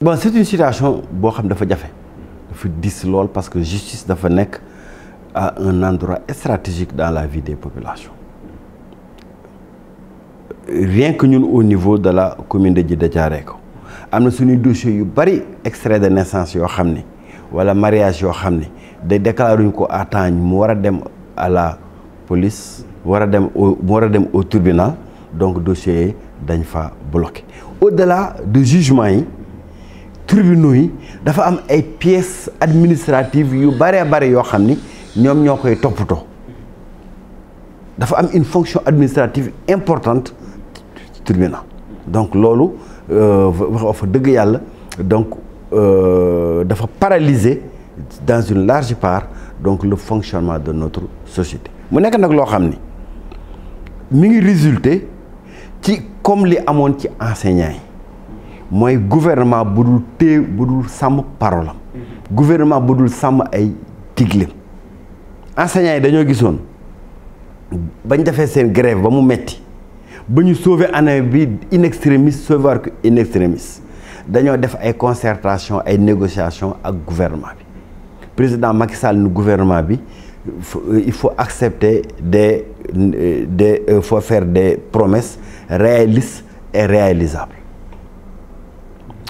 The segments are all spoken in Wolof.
bon c'est une situation qui est dafa difficile parce que la justice dafa un endroit stratégique dans la vie des populations rien que nous au niveau de la commune de Djeddah Nous avons avons dossier dossiers yu extrait de naissance ou de mariage Nous avons déclaré à à la police au tribunal donc dossiers dossier est bloqué au-delà du jugement les tribunaux ont dafa am ay pièces administratives qui sont très importantes xam ni dafa am une fonction administrative importante tribunal donc Lolo euh, wax fa dëgg qui donc euh, dafa paralyser dans une large part donc le fonctionnement de notre société Ce que je veux dire. mi ngi ci comme li amone ci enseignants moy gouvernement bu té téye sam parole gouvernement bu sam ay diglem enseignants yi gissone bañ faire sen grève ba mu metti bañu sauver année bi in extremis sauver ko in extremis dañoo def ay concertation ay négociation ak gouvernement bi président Macky Sall gouvernement bi il faut accepter des, des euh, faut faire des promesses réalistes et réalisables.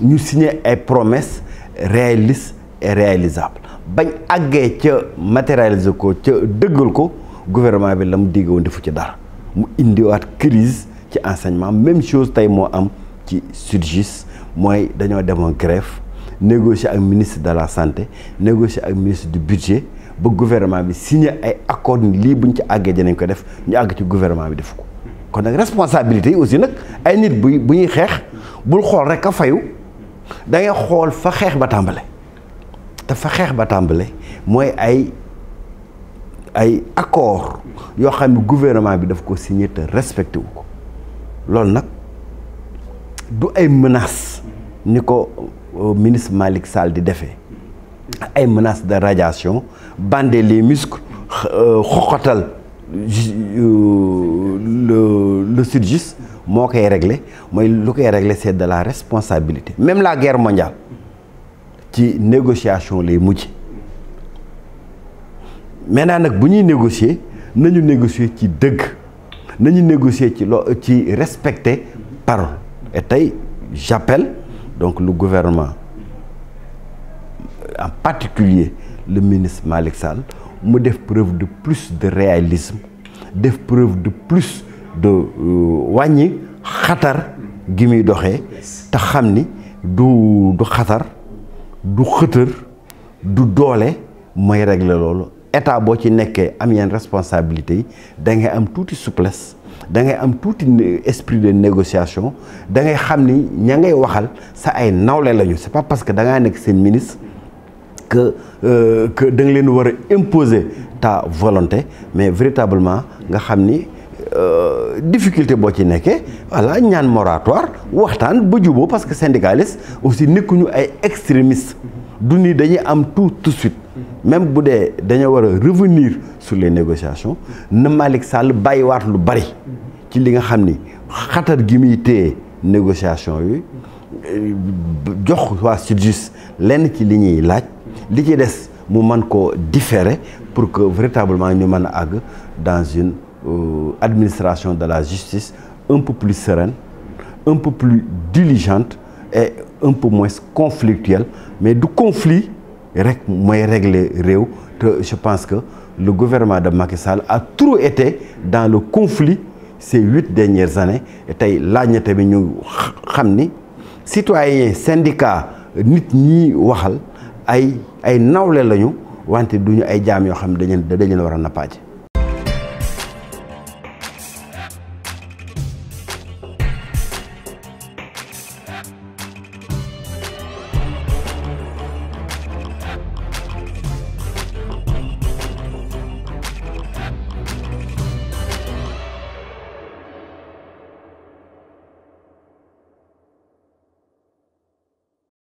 nous signons des promesses réalistes et réalisables bañ àggee ci matérialiser ko ca gouvernement ko gouvernement bi qui mu won defu ci dara mu wat crise ci enseignement même chose tay qui am ci surgis moy dañoo démon grève négocier ak ministre de la santé négocier ak ministre du budget ba gouvernement bi signé ay accord ni lii buñ ci àggee dinañ ko def ñu àgg ci gouvernement bi def ko kon nag responsabilité yi aussi nag ay nit bu bu ñuy xeex bul xool rek a fayu da xool fa xeex ba tàmbale te fa xeex ba tàmbale mooy ay ay accord yoo xam ne gouvernement bi daf ko signé te respecté wu ko loolu nag du ay menace ni ko euh, ministre Malick Sall di defee ay menaces de radiation bander les muscles euh, le le surgis est réglé, régler est réglé c'est de la responsabilité même la guerre mondiale qui négociation les mujj maintenant si on négocier nañu négocier ci deg, nañu négocier ci ci respecter parole et j'appelle donc le gouvernement euh, en particulier le ministre Malik Sall me def preuve de plus de réalisme def preuve de plus de euh, wani khatar gimi muy ta xamni du du khatar du xëtër du doole mooy régler lolo. état bo ci nekkee am yenn responsabilité da ngay am tuuti souplesse da ngay am tuuti esprit de négociation da ngay xamni ni ña ngay waxal sa ay nawle lañu c'est pas parce que da nga nek sen ministre que euh, que da nga leen imposer ta volonté mais véritablement nga xamni euh, difficulté bo ci nekkee voilà ñaan moratoire waxtaan bu jubo parce que syndicaliste aussi nekkuñu ay extrémiste du ni dañuy am tout tout de suite même bu dee dañoo war revenir sur les négociations ne Malick Sall wat lu bari ci li nga xamni xatar gi mi té négociation yi jox wa SYTJUST lenn ci li ñuy li ci des mu pour que véritablement ñu être dans une euh, administration de la justice un peu plus sereine un peu plus diligente et un peu moins conflictuelle mais du conflit rek réglé je pense que le gouvernement de Macky Sall a trop été dans le conflit ces huit dernières années et là nous bi ñu citoyen syndicat nit ñi waxal ay ay nawle lañu wante duñu ay jaam yoo xam ne dañu dañu war a nappaaj